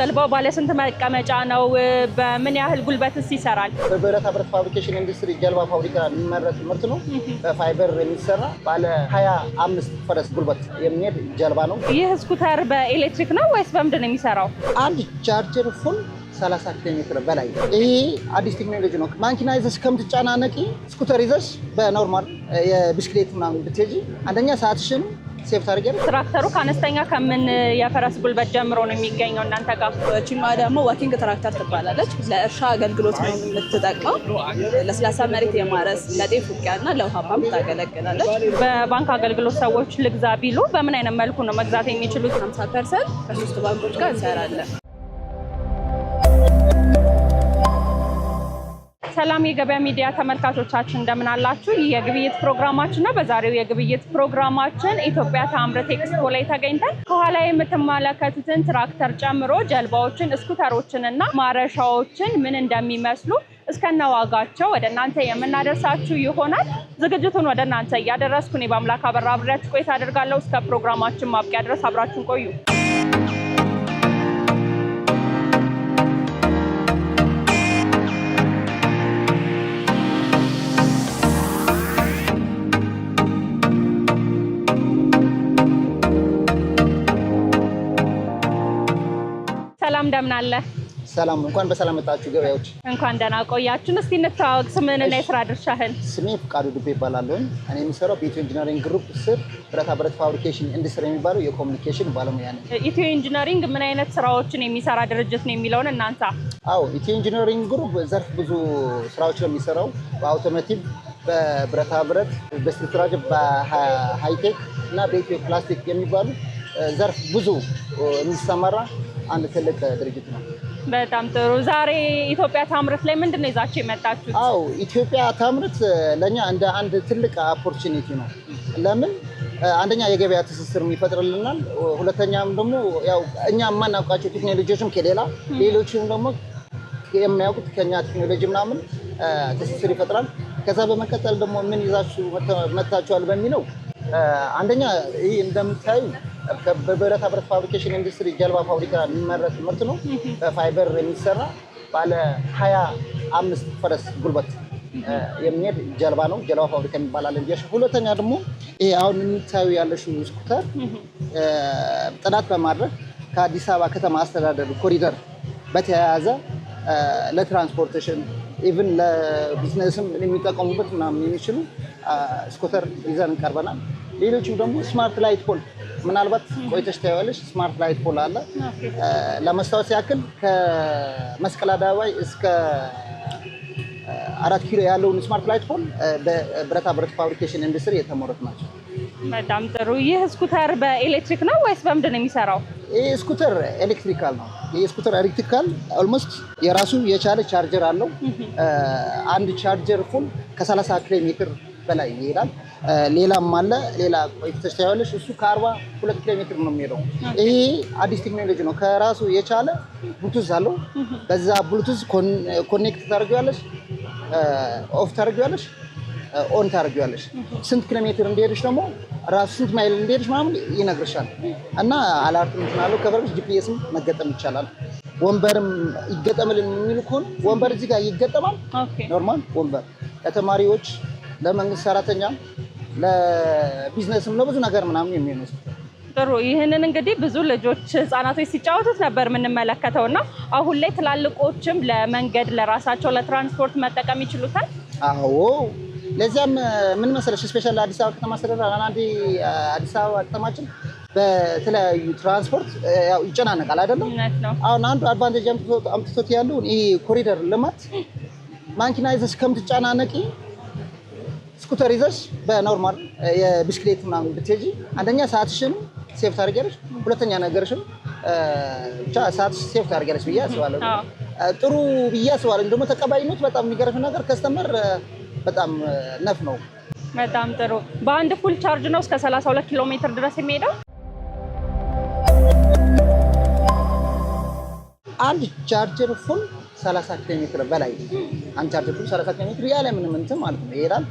ጀልባው ስንት መቀመጫ ነው? በምን ያህል ጉልበትስ ይሰራል? በብረታ ብረት ፋብሪኬሽን ኢንዱስትሪ ጀልባ ፋብሪካ የሚመረት ምርት ነው። በፋይበር የሚሰራ ባለ ሀያ አምስት ፈረስ ጉልበት የሚሄድ ጀልባ ነው። ይህ ስኩተር በኤሌክትሪክ ነው ወይስ በምንድን ነው የሚሰራው? አንድ ቻርጀር ፉል 30 ኪሎ ሜትር በላይ ይሄ አዲስ ቴክኖሎጂ ነው። ማንኪና ይዘሽ ከምትጫናነቂ ስኩተር ይዘሽ በኖርማል የብስክሌት ምናምን ብትሄጂ አንደኛ ሰዓትሽን ትራክተሩ ከአነስተኛ ከምን የፈረስ ጉልበት ጀምሮ ነው የሚገኘው እናንተ ጋር? ቺማ ደግሞ ዋኪንግ ትራክተር ትባላለች። ለእርሻ አገልግሎት ነው የምትጠቀው። ለስላሳ መሬት የማረስ ለጤፍ ውቂያና ለውሃ ለውሃባም ታገለግላለች። በባንክ አገልግሎት ሰዎች ልግዛ ቢሉ በምን አይነት መልኩ ነው መግዛት የሚችሉት? 50 ፐርሰንት ከሶስት ባንኮች ጋር እንሰራለን። ሰላም የገበያ ሚዲያ ተመልካቾቻችን እንደምን አላችሁ? ይህ የግብይት ፕሮግራማችን ነው። በዛሬው የግብይት ፕሮግራማችን ኢትዮጵያ ታምርት ኤክስፖ ላይ ተገኝተን ከኋላ የምትመለከቱትን ትራክተር ጨምሮ ጀልባዎችን፣ ስኩተሮችን እና ማረሻዎችን ምን እንደሚመስሉ እስከነዋጋቸው ወደ እናንተ የምናደርሳችሁ ይሆናል። ዝግጅቱን ወደ እናንተ እያደረስኩ እኔ በአምላክ አበራ አብሬያችሁ ቆይታ አደርጋለሁ። እስከ ፕሮግራማችን ማብቂያ ድረስ አብራችሁን ቆዩ። ሰላም እንደምን አለ? ሰላም እንኳን በሰላም መጣችሁ ገበያዎች። እንኳን ደህና ቆያችሁን። እስቲ እንተዋወቅ፣ ስምህንና የስራ ድርሻህን። ስሜ ፍቃዱ ዱቤ ይባላለሁኝ። እኔ የሚሰራው በኢትዮ ኢንጂነሪንግ ግሩፕ ስር ብረታ ብረት ፋብሪኬሽን ኢንዱስትሪ የሚባለው የኮሚኒኬሽን ባለሙያ ነኝ። ኢትዮ ኢንጂነሪንግ ምን አይነት ስራዎችን የሚሰራ ድርጅት ነው የሚለውን እናንሳ። አዎ ኢትዮ ኢንጂነሪንግ ግሩፕ ዘርፍ ብዙ ስራዎች ነው የሚሰራው በአውቶሞቲቭ በብረታ ብረት፣ በስትራጅ፣ በሃይቴክ እና በኢትዮ ፕላስቲክ የሚባሉ ዘርፍ ብዙ የሚሰማራ አንድ ትልቅ ድርጅት ነው። በጣም ጥሩ። ዛሬ ኢትዮጵያ ታምርት ላይ ምንድን ነው ይዛችሁ የመጣችሁት? አዎ ኢትዮጵያ ታምርት ለእኛ እንደ አንድ ትልቅ ኦፖርቹኒቲ ነው። ለምን አንደኛ የገበያ ትስስር ይፈጥርልናል። ሁለተኛም ደግሞ ያው እኛ የማናውቃቸው ቴክኖሎጂዎችም ከሌላ ሌሎችም ደግሞ የሚያውቁት ከኛ ቴክኖሎጂ ምናምን ትስስር ይፈጥራል። ከዛ በመቀጠል ደግሞ ምን ይዛችሁ መታችኋል በሚለው አንደኛ ይህ እንደምታዩ በብረታ ብረት ፋብሪኬሽን ኢንዱስትሪ ጀልባ ፋብሪካ የሚመረት ምርት ነው። በፋይበር የሚሰራ ባለ ሀያ አምስት ፈረስ ጉልበት የሚሄድ ጀልባ ነው። ጀልባ ፋብሪካ የሚባላለን። ሁለተኛ ደግሞ ይሄ አሁን የሚታዩ ያለሽው ስኩተር ጥናት በማድረግ ከአዲስ አበባ ከተማ አስተዳደር ኮሪደር በተያያዘ ለትራንስፖርቴሽን ኢቭን ለቢዝነስም የሚጠቀሙበት ምናምን የሚችሉ ስኩተር ይዘን ቀርበናል። ሌሎችም ደግሞ ስማርት ላይት ፖል ምናልባት ቆይተሽ ታያለሽ። ስማርት ላይት ፖል አለ። ለመስታወስ ያክል ከመስቀል አደባባይ እስከ አራት ኪሎ ያለውን ስማርት ላይት ፖል በብረታ ብረት ፋብሪኬሽን ኢንዱስትሪ የተመረቱ ናቸው። በጣም ጥሩ። ይህ ስኩተር በኤሌክትሪክ ነው ወይስ በምንድን ነው የሚሰራው? ይህ ስኩተር ኤሌክትሪካል ነው። ይህ ስኩተር ኤሌክትሪካል ኦልሞስት የራሱ የቻለ ቻርጀር አለው። አንድ ቻርጀር ፉል ከ30 ኪሎ ሜትር በላይ ይሄዳል። ሌላም አለ። ሌላ ተሻያለች እሱ ከአርባ ሁለት ኪሎ ሜትር ነው የሚሄደው። ይሄ አዲስ ቴክኖሎጂ ነው። ከራሱ የቻለ ብሉቱዝ አለው። በዛ ብሉቱዝ ኮኔክት ታደርጊዋለሽ፣ ኦፍ ታደርጊዋለሽ፣ ኦን ታደርጊዋለሽ። ስንት ኪሎ ሜትር እንደሄደች ደግሞ ራሱ ስንት ማይል እንደሄደች ምናምን ይነግርሻል። እና አላርትም ትናለው ከበረች ጂፒኤስም መገጠም ይቻላል። ወንበርም ይገጠምልን የሚሉ ከሆነ ወንበር እዚህ ጋር ይገጠማል። ኖርማል ወንበር ለተማሪዎች ለመንግስት ሰራተኛም ለቢዝነስም ለብዙ ነገር ምናምን የሚመስ ጥሩ ይህንን እንግዲህ ብዙ ልጆች ህጻናቶች ሲጫወቱት ነበር የምንመለከተው እና አሁን ላይ ትላልቆችም ለመንገድ ለራሳቸው ለትራንስፖርት መጠቀም ይችሉታል። አዎ ለዚያም ምን መሰለሽ ስፔሻል አዲስ አበባ ከተማ አስተዳደር አንዳንዴ አዲስ አበባ ከተማችን በተለያዩ ትራንስፖርት ይጨናነቃል አይደለም። አሁን አንዱ አድቫንቴጅ አምጥቶት ያለውን ይህ ኮሪደር ልማት ማንኪና ይዘሽ ከምትጨናነቂ ስኩተር ይዘሽ በኖርማል የብስክሌት ምናምን ብትሄጂ አንደኛ ሰዓትሽን ሴፍ ታደርጊያለሽ፣ ሁለተኛ ነገርሽም ብቻ ሰዓትሽ ሴፍ ታደርጊያለሽ ብዬ አስባለሁ። ጥሩ ብዬ አስባለሁ። ደግሞ ተቀባይነት በጣም የሚገርም ነገር ከስተመር በጣም ነፍ ነው። በጣም ጥሩ። በአንድ ፉል ቻርጅ ነው እስከ 32 ኪሎ ሜትር ድረስ የሚሄደው። አንድ ቻርጀር ፉል 30 ኪሎ ሜትር በላይ አንቻርጅ ፉል 30 ኪሎ ሜትር ያለ ምንም እንትን ማለት ነው ይሄዳል።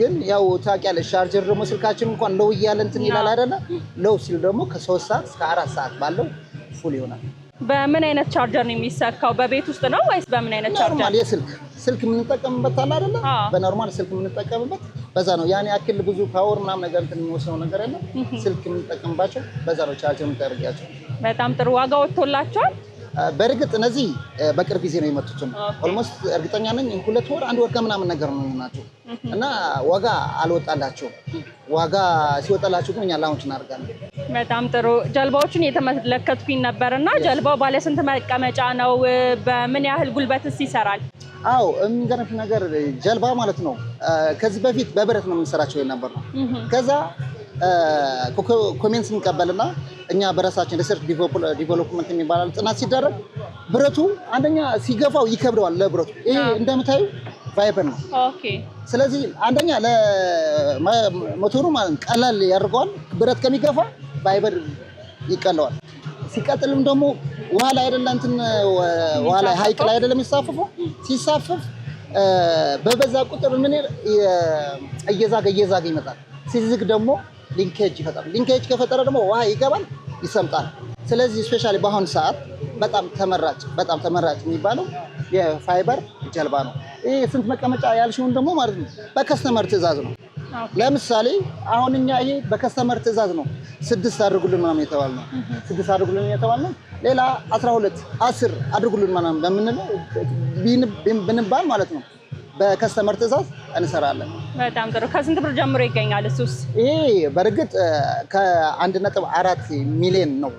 ግን ያው ታውቂያለሽ ቻርጀር ደግሞ ስልካችን እንኳን ለው እያለ እንትን ይላል አይደለ? ለው ሲል ደግሞ ከ3 ሰዓት እስከ 4 ሰዓት ባለው ፉል ይሆናል። በምን አይነት ቻርጀር ነው የሚሰካው? በቤት ውስጥ ነው ወይስ በምን አይነት ቻርጀር? ኖርማል የስልክ ስልክ የምንጠቀምበት አለ አይደለ? በኖርማል ስልክ የምንጠቀምበት በዛ ነው። ያኔ ያክል ብዙ ፓወር ምናምን ነገር እንትን የሚወስነው ነገር የለም። ስልክ የምንጠቀምባቸው በዛ ነው ቻርጀር የምንጠርጊያቸው። በጣም ጥሩ ዋጋ ወጥቶላቸዋል። በእርግጥ እነዚህ በቅርብ ጊዜ ነው የመጡትም ኦልሞስት እርግጠኛ ነኝ ሁለት ወር አንድ ወር ከምናምን ነገር ነው ናቸው እና ዋጋ አልወጣላቸውም። ዋጋ ሲወጣላቸው ግን እኛ ላውንች እናደርጋለን። በጣም ጥሩ ጀልባዎችን የተመለከትኩኝ ነበር እና ጀልባው ባለስንት መቀመጫ ነው? በምን ያህል ጉልበትስ ይሰራል? አው የሚገርምሽ ነገር ጀልባ ማለት ነው ከዚህ በፊት በብረት ነው የምንሰራቸው የነበር ነው። ከዛ ኮሜንት እንቀበልና እኛ በራሳችን ሪሰርች ዲቨሎፕመንት የሚባላል ጥናት ሲደረግ ብረቱ አንደኛ ሲገፋው ይከብደዋል። ለብረቱ ይሄ እንደምታዩ ቫይበር ነው። ስለዚህ አንደኛ ለሞተሩ ቀላል ያደርገዋል። ብረት ከሚገፋ ቫይበር ይቀለዋል። ሲቀጥልም ደግሞ ውሃ ላይ አይደለ እንትን ውሃ ላይ ሀይቅ ላይ አይደለም የሚሳፍፉ ሲሳፍፍ በበዛ ቁጥር ምን እየዛገ እየዛገ ይመጣል። ሲዝግ ደግሞ ሊንኬጅ ይፈጥራል። ሊንኬጅ ከፈጠረ ደግሞ ውሃ ይገባል፣ ይሰምጣል። ስለዚህ ስፔሻሊ በአሁኑ ሰዓት በጣም ተመራጭ በጣም ተመራጭ የሚባለው የፋይበር ጀልባ ነው። ይህ ስንት መቀመጫ ያልሽውን ደግሞ ማለት ነው በከስተመር ትዕዛዝ ነው። ለምሳሌ አሁን እኛ ይሄ በከስተመር ትዕዛዝ ነው ስድስት አድርጉልን ምናምን የተባልነው ስድስት አድርጉልን የተባልነው ሌላ አስራ ሁለት አስር አድርጉልን ምናምን በምንለው ብንባል ማለት ነው በከስተመር ትእዛዝ እንሰራለን። በጣም ጥሩ። ከስንት ብር ጀምሮ ይገኛል? እሱስ ይሄ በእርግጥ ከአንድ ነጥብ አራት ሚሊዮን ነው።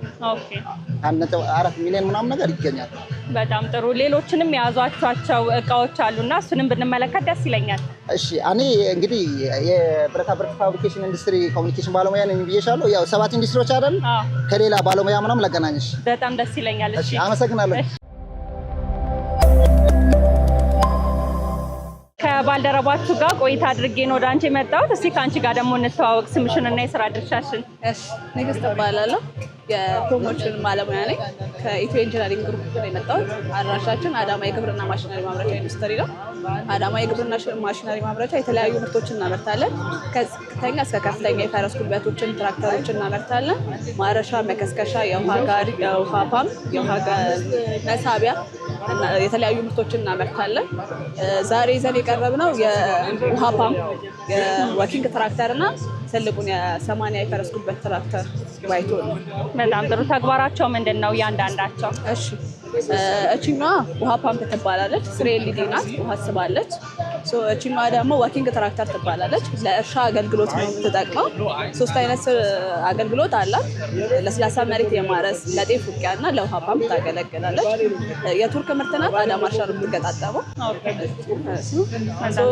አንድ ነጥብ አራት ሚሊዮን ምናምን ነገር ይገኛል። በጣም ጥሩ። ሌሎችንም የያዟቸው እቃዎች አሉ እና እሱንም ብንመለከት ደስ ይለኛል። እሺ፣ እኔ እንግዲህ የብረታ ብረት ፋብሪኬሽን ኢንዱስትሪ ኮሚኒኬሽን ባለሙያ ነኝ ብዬሻለሁ። ያው ሰባት ኢንዱስትሪዎች አይደል? ከሌላ ባለሙያ ምናምን ላገናኝሽ። በጣም ደስ ይለኛል። አመሰግናለሁ። ከባልደረባችሁ ጋር ቆይታ አድርጌ ነው ወደ አንቺ የመጣሁት። እስቲ ከአንቺ ጋር ደግሞ እንተዋወቅ፣ ስምሽን እና የስራ ድርሻሽን። ንግስት እባላለሁ የፕሮሞሽን ባለሙያ ነኝ። ከኢትዮ ኢንጂነሪንግ ግሩፕ ነው የመጣሁት። አድራሻችን አዳማ የግብርና ማሽነሪ ማምረቻ ኢንዱስትሪ ነው። አዳማ የግብርና ማሽነሪ ማምረቻ የተለያዩ ምርቶችን እናመርታለን። ከዝቅተኛ እስከ ከፍተኛ የፈረስ ጉልበቶችን ትራክተሮችን እናመርታለን። ማረሻ፣ መከስከሻ፣ የውሃ ጋሪ፣ የውሃ ፓም፣ የውሃ መሳቢያ የተለያዩ ምርቶችን እናመርታለን። ዛሬ ይዘን የቀረብነው የውሃ ፓም፣ የወኪንግ ትራክተር እና ትልቁን የሰማንያ የፈረስ ጉልበት ትራክተር ዋይቶ ነው። በጣም ጥሩ። ተግባራቸው ምንድን ነው እያንዳንዳቸው? እሺ እችኛዋ ውሃ ፓምፕ ትባላለች። ስሬ ሊዲናት ውሃ ስባለች እቺማ ደግሞ ዋኪንግ ትራክተር ትባላለች። ለእርሻ አገልግሎት ነው የምትጠቅመው። ሶስት አይነት አገልግሎት አላት። ለስላሳ መሬት የማረስ ለጤፍ ውቂያ እና ለውሃ ፓምፕ ታገለግላለች። የቱርክ ምርት ናት። አዳማ እርሻ ነው የምትገጣጠመው።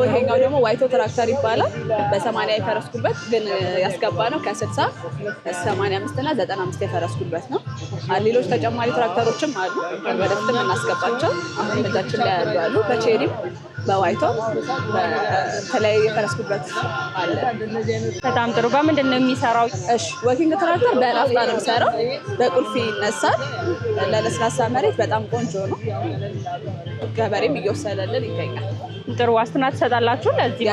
ይሄኛው ደግሞ ዋይቶ ትራክተር ይባላል። በሰማንያ የፈረስ ግን ያስገባ ነው ከስልሳ ሰማንያ አምስት እና ዘጠና አምስት የፈረስኩበት ነው። ሌሎች ተጨማሪ ትራክተሮችም አሉ። ወደፊትም እናስገባቸው አሁን እጃችን ላይ ያሉ አሉ በቼሪም በዋይቶም በተለያየ የፈረስ ጉልበት አለ። በጣም ጥሩ። በምንድን ነው የሚሰራው? እሺ፣ ወኪንግ ትራክተር በናፍጣ ነው የሚሰራው። በቁልፍ ይነሳል። ለለስላሳ መሬት በጣም ቆንጆ ነው። ገበሬም እየወሰደልን ይገኛል። ጥሩ ዋስትና ትሰጣላችሁ። ለዚህ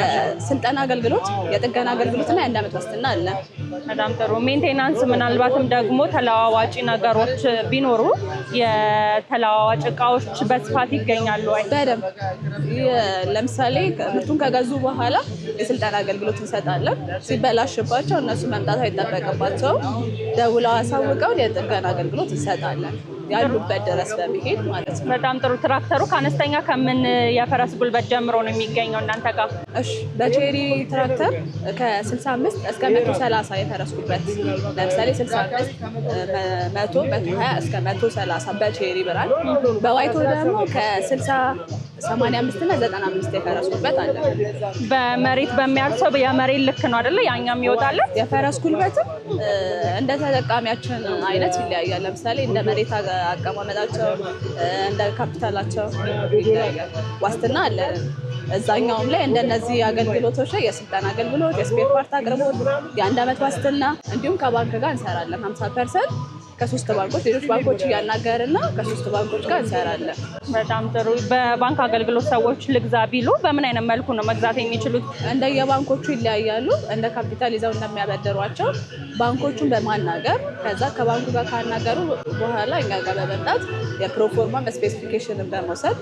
ስልጠና አገልግሎት፣ የጥገና አገልግሎት እና የአንድ ዓመት ዋስትና አለ። በጣም ጥሩ ሜንቴናንስ፣ ምናልባትም ደግሞ ተለዋዋጭ ነገሮች ቢኖሩ የተለዋዋጭ እቃዎች በስፋት ይገኛሉ በደንብ ለምሳሌ ምርቱን ከገዙ በኋላ የስልጠና አገልግሎት እንሰጣለን። ሲበላሽባቸው እነሱ መምጣት አይጠበቅባቸውም። ደውለው አሳውቀውን የጥገና አገልግሎት እንሰጣለን። ያሉበት ድረስ በመሄድ ማለት ነው። በጣም ጥሩ። ትራክተሩ ከአነስተኛ ከምን የፈረስ ጉልበት ጀምሮ ነው የሚገኘው እናንተ ጋር? እሺ፣ በቼሪ ትራክተር ከ65 እስከ 130 የፈረስ ጉልበት ለምሳሌ 65 100 መቶ 20 እስከ 130 በቼሪ ብራል። በዋይቶ ደግሞ ከ60 85 እና 95 የፈረስ ጉልበት አለ። በመሬት በሚያርሰው የመሬት ልክ ነው አይደለ? ያኛም ይወጣለን የፈረስ ጉልበትም እንደ ተጠቃሚያችን አይነት ይለያያል። ለምሳሌ እንደ መሬት አቀማመጣቸው፣ እንደ ካፒታላቸው ይለያያል። ዋስትና አለ እዛኛውም ላይ እንደነዚህ አገልግሎቶች ላይ የስልጠና አገልግሎት፣ የስፔር ፓርት አቅርቦት፣ የአንድ አመት ዋስትና እንዲሁም ከባንክ ጋር እንሰራለን ሀምሳ ፐርሰንት ከሶስት ባንኮች ሌሎች ባንኮች እና ከሶስት ባንኮች ጋር እንሰራለን። በጣም ጥሩ። በባንክ አገልግሎት ሰዎች ልግዛ ቢሉ በምን አይነት መልኩ ነው መግዛት የሚችሉት? እንደየባንኮቹ ይለያያሉ። እንደ ካፒታል ይዘው እንደሚያበድሯቸው ባንኮቹን በማናገር ከዛ ከባንኩ ጋር ካናገሩ በኋላ እኛ ጋር በመምጣት የፕሮፎርማ ስፔሲፊኬሽንን በመውሰድ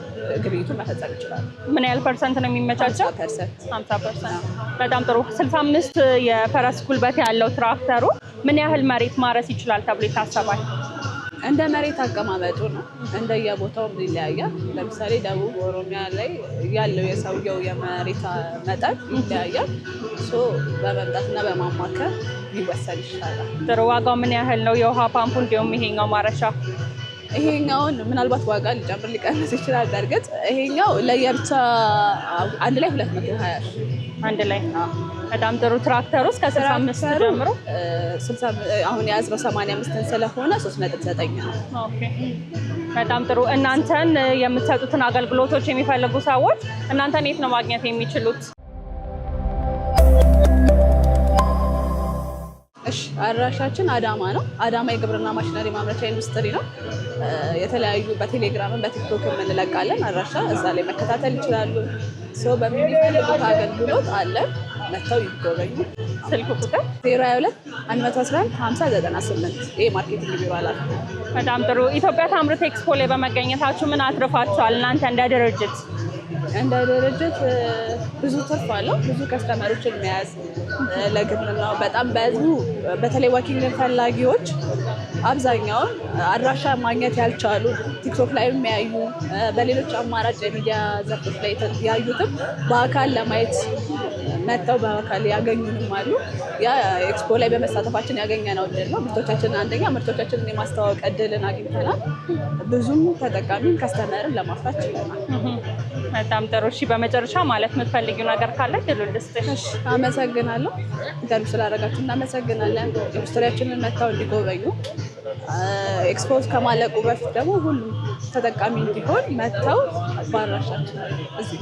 ግብይቱን መፈጸም ይችላል። ምን ያህል ፐርሰንት ነው የሚመቻቸው? ሀምሳ ፐርሰንት። በጣም ጥሩ። ስልሳ አምስት የፈረስ ጉልበት ያለው ትራክተሩ ምን ያህል መሬት ማረስ ይችላል ተብሎ ይታሰባል? እንደ መሬት አቀማመጡ ነው። የቦታውም ይለያያል። ለምሳሌ ደቡብ ኦሮሚያ ላይ ያለው የሰውየው የመሬት መጠን ይለያያል። በመምጣትና በማማከር ሊወሰድ ይችላል። ጥሩ። ዋጋው ምን ያህል ነው የውሃ ፓምፑ እንዲሁም ይሄኛው ማረሻ? ይሄኛውን ምናልባት ዋጋ ሊጨምር ሊቀንስ ይችላል። በእርግጥ ይሄኛው ለየብቻ አንድ ላይ ሁለት መቶ ሀያ አንድ ላይ በጣም ጥሩ ትራክተር ውስጥ ከስልሳ አምስት ጀምሮ አሁን የያዝነው ሰማንያ ስለሆነ 3.9 ነው። በጣም ጥሩ እናንተን የምትሰጡትን አገልግሎቶች የሚፈልጉ ሰዎች እናንተን የት ነው ማግኘት የሚችሉት? እሺ አድራሻችን አዳማ ነው። አዳማ የግብርና ማሽነሪ ማምረቻ ኢንዱስትሪ ነው። የተለያዩ በቴሌግራምን በቲክቶክ እንለቃለን። አድራሻ እዛ ላይ መከታተል ይችላሉ። ሰው በሚፈልጉት አገልግሎት አለን። መጥተው ይጎበኙ። ስልክ ቁጥር 022 111 5098 ይሄ ማርኬቲንግ ቢሮ አላት። በጣም ጥሩ። ኢትዮጵያ ታምርት ኤክስፖ ላይ በመገኘታችሁ ምን አትርፋችኋል? እናንተ እንደ ድርጅት እንደ ድርጅት ብዙ ትርፍ አለው። ብዙ ከስተመሮችን መያዝ ነው። በጣም በህዝቡ በተለይ ዋኪንግ ፈላጊዎች አብዛኛውን አድራሻ ማግኘት ያልቻሉ ቲክቶክ ላይ የሚያዩ በሌሎች አማራጭ የሚዲያ ዘርፎች ላይ ያዩትም በአካል ለማየት መጥተው በአካል ያገኙንም አሉ። ያ ኤክስፖ ላይ በመሳተፋችን ያገኘነው እድል ነው። ምርቶቻችን አንደኛ ምርቶቻችንን የማስተዋወቅ እድልን አግኝተናል። ብዙም ተጠቃሚን ከስተመርን ለማፍራት ችለናል። በጣም ጥሩ። እሺ፣ በመጨረሻ ማለት የምትፈልጊው ነገር ካለ ድሉን ልስጥሽ። አመሰግናለሁ። ኢንተርቪው ስላደረጋችሁ እናመሰግናለን። ኢንዱስትሪያችንን መጥተው እንዲጎበኙ ኤክስፖ ከማለቁ በፊት ደግሞ ሁሉም ተጠቃሚ እንዲሆን መጥተው ባራሻችን እዚህ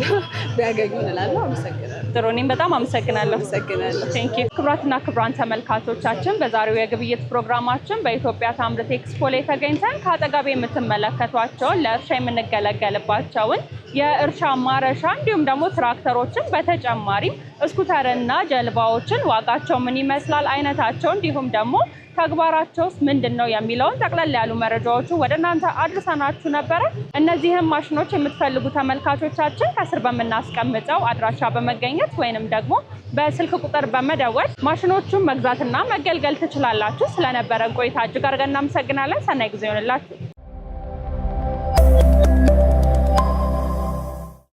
ቢያገኙ እንላለሁ። አመሰግናለሁ። ጥሩ። እኔም በጣም አመሰግናለሁ። አመሰግናለሁ። ቴንክ ዩ። ክቡራትና ክቡራን ተመልካቾቻችን በዛሬው የግብይት ፕሮግራማችን በኢትዮጵያ ታምርት ኤክስፖ ላይ ተገኝተን ከአጠገቤ የምትመለከቷቸውን ለእርሻ የምንገለገልባቸውን የእርሻ ማረሻ እንዲሁም ደግሞ ትራክተሮችን በተጨማሪም እስኩተርና ጀልባዎችን ዋጋቸው ምን ይመስላል፣ አይነታቸው፣ እንዲሁም ደግሞ ተግባራቸውስ ምንድን ነው የሚለውን ጠቅለል ያሉ መረጃዎቹ ወደ እናንተ አድርሰናችሁ ብያችሁ ነበረ። እነዚህም ማሽኖች የምትፈልጉ ተመልካቾቻችን ከስር በምናስቀምጠው አድራሻ በመገኘት ወይንም ደግሞ በስልክ ቁጥር በመደወል ማሽኖቹን መግዛትና መገልገል ትችላላችሁ። ስለነበረን ቆይታ እጅግ አድርገን እናመሰግናለን። ሰናይ ጊዜ ይሆንላችሁ።